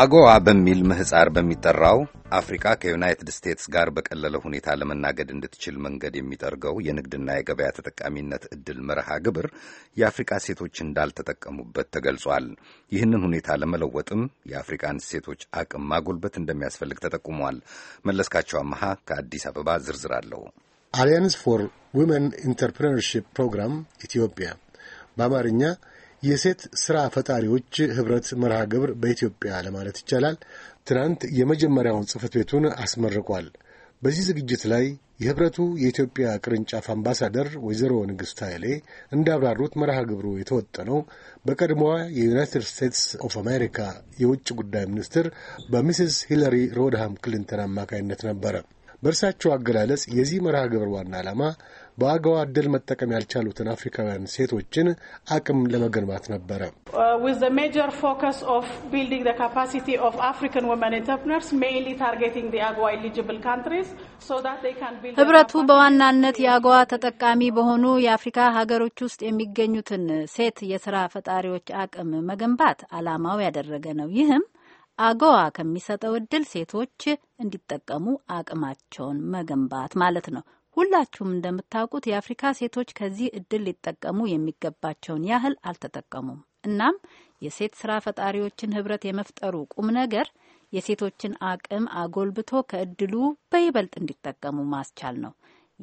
አጎዋ በሚል ምህፃር በሚጠራው አፍሪካ ከዩናይትድ ስቴትስ ጋር በቀለለ ሁኔታ ለመናገድ እንድትችል መንገድ የሚጠርገው የንግድና የገበያ ተጠቃሚነት እድል መርሃ ግብር የአፍሪካ ሴቶች እንዳልተጠቀሙበት ተገልጿል። ይህንን ሁኔታ ለመለወጥም የአፍሪካን ሴቶች አቅም ማጎልበት እንደሚያስፈልግ ተጠቁሟል። መለስካቸው አመሃ ከአዲስ አበባ ዝርዝር አለው። አሊያንስ ፎር ዊመን ኢንተርፕረነርሺፕ ፕሮግራም ኢትዮጵያ በአማርኛ የሴት ስራ ፈጣሪዎች ህብረት መርሃ ግብር በኢትዮጵያ ለማለት ይቻላል ትናንት የመጀመሪያውን ጽህፈት ቤቱን አስመርቋል። በዚህ ዝግጅት ላይ የህብረቱ የኢትዮጵያ ቅርንጫፍ አምባሳደር ወይዘሮ ንግሥት ኃይሌ እንዳብራሩት መርሃ ግብሩ የተወጠነው በቀድሞዋ የዩናይትድ ስቴትስ ኦፍ አሜሪካ የውጭ ጉዳይ ሚኒስትር በሚስስ ሂለሪ ሮድሃም ክሊንተን አማካይነት ነበረ። በእርሳቸው አገላለጽ የዚህ መርሃ ግብር ዋና ዓላማ በአገዋ እድል መጠቀም ያልቻሉትን አፍሪካውያን ሴቶችን አቅም ለመገንባት ነበረ። uh, ህብረቱ በዋናነት የአገዋ ተጠቃሚ በሆኑ የአፍሪካ ሀገሮች ውስጥ የሚገኙትን ሴት የስራ ፈጣሪዎች አቅም መገንባት አላማው ያደረገ ነው። ይህም አገዋ ከሚሰጠው እድል ሴቶች እንዲጠቀሙ አቅማቸውን መገንባት ማለት ነው። ሁላችሁም እንደምታውቁት የአፍሪካ ሴቶች ከዚህ እድል ሊጠቀሙ የሚገባቸውን ያህል አልተጠቀሙም። እናም የሴት ስራ ፈጣሪዎችን ህብረት የመፍጠሩ ቁም ነገር የሴቶችን አቅም አጎልብቶ ከእድሉ በይበልጥ እንዲጠቀሙ ማስቻል ነው።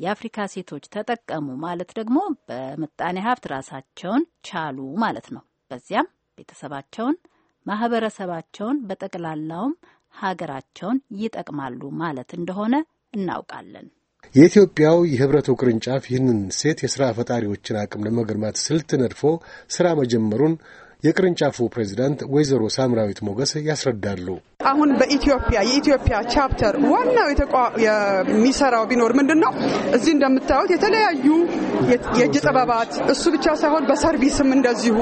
የአፍሪካ ሴቶች ተጠቀሙ ማለት ደግሞ በምጣኔ ሀብት ራሳቸውን ቻሉ ማለት ነው። በዚያም ቤተሰባቸውን፣ ማህበረሰባቸውን፣ በጠቅላላውም ሀገራቸውን ይጠቅማሉ ማለት እንደሆነ እናውቃለን። የኢትዮጵያው የህብረቱ ቅርንጫፍ ይህንን ሴት የሥራ ፈጣሪዎችን አቅም ለመገንባት ስልት ነድፎ ሥራ መጀመሩን የቅርንጫፉ ፕሬዚዳንት ወይዘሮ ሳምራዊት ሞገስ ያስረዳሉ። አሁን በኢትዮጵያ የኢትዮጵያ ቻፕተር ዋናው የሚሰራው ቢኖር ምንድን ነው? እዚህ እንደምታዩት የተለያዩ የእጅ ጥበባት እሱ ብቻ ሳይሆን በሰርቪስም እንደዚሁ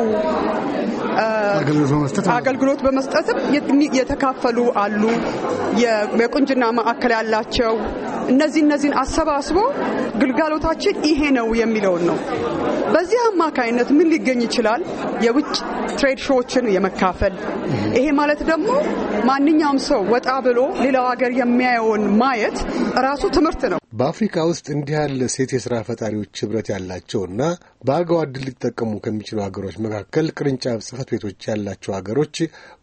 አገልግሎት በመስጠትም የተካፈሉ አሉ። የቁንጅና ማዕከል ያላቸው እነዚህ እነዚህን አሰባስቦ ግልጋሎታችን ይሄ ነው የሚለውን ነው። በዚህ አማካይነት ምን ሊገኝ ይችላል? የውጭ ትሬድ ሾዎችን የመካፈል ይሄ ማለት ደግሞ ማንኛውም ሰው ወጣ ብሎ ሌላው ሀገር የሚያየውን ማየት ራሱ ትምህርት ነው። በአፍሪካ ውስጥ እንዲህ ያለ ሴት የሥራ ፈጣሪዎች ኅብረት ያላቸውና በአገዋ ዕድል ሊጠቀሙ ከሚችሉ ሀገሮች መካከል ቅርንጫፍ ጽሕፈት ቤቶች ያላቸው ሀገሮች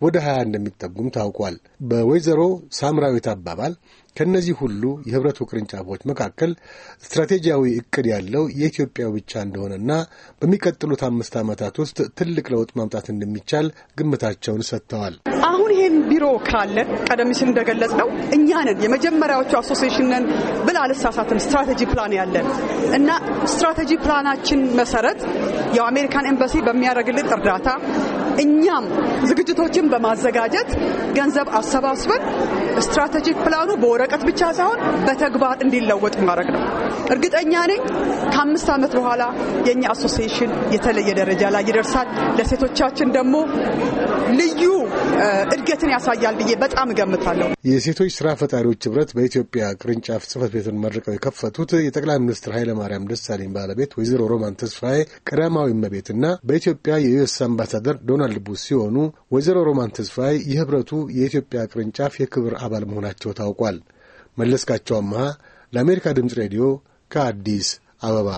ወደ ሀያ እንደሚጠጉም ታውቋል። በወይዘሮ ሳምራዊት አባባል ከእነዚህ ሁሉ የህብረቱ ቅርንጫፎች መካከል ስትራቴጂያዊ እቅድ ያለው የኢትዮጵያ ብቻ እንደሆነና በሚቀጥሉት አምስት ዓመታት ውስጥ ትልቅ ለውጥ ማምጣት እንደሚቻል ግምታቸውን ሰጥተዋል። አሁን ይህን ቢሮ ካለን ቀደም ሲል እንደገለጽ ነው እኛ ነን የመጀመሪያዎቹ አሶሲሽን ነን ብል አልሳሳትም። ስትራቴጂ ፕላን ያለን እና ስትራቴጂ ፕላናችን መሰረት የአሜሪካን ኤምባሲ በሚያደርግልን እርዳታ እኛም ዝግጅቶችን በማዘጋጀት ገንዘብ አሰባስበን ስትራቴጂክ ፕላኑ በወረቀት ብቻ ሳይሆን በተግባር እንዲለወጥ ማድረግ ነው። እርግጠኛ ነኝ ከአምስት ዓመት በኋላ የእኛ አሶሲሽን የተለየ ደረጃ ላይ ይደርሳል። ለሴቶቻችን ደግሞ ልዩ እድገትን ያሳያል ብዬ በጣም እገምታለሁ። የሴቶች ስራ ፈጣሪዎች ህብረት በኢትዮጵያ ቅርንጫፍ ጽህፈት ቤትን መርቀው የከፈቱት የጠቅላይ ሚኒስትር ኃይለማርያም ደሳለኝ ባለቤት ወይዘሮ ሮማን ተስፋዬ ቀዳማዊ እመቤትና በኢትዮጵያ የዩኤስ አምባሳደር ዶናልድ ቡሽ ሲሆኑ ወይዘሮ ሮማን ተስፋይ የህብረቱ የኢትዮጵያ ቅርንጫፍ የክብር አባል መሆናቸው ታውቋል። መለስካቸው አመሃ ለአሜሪካ ድምፅ ሬዲዮ ከአዲስ አበባ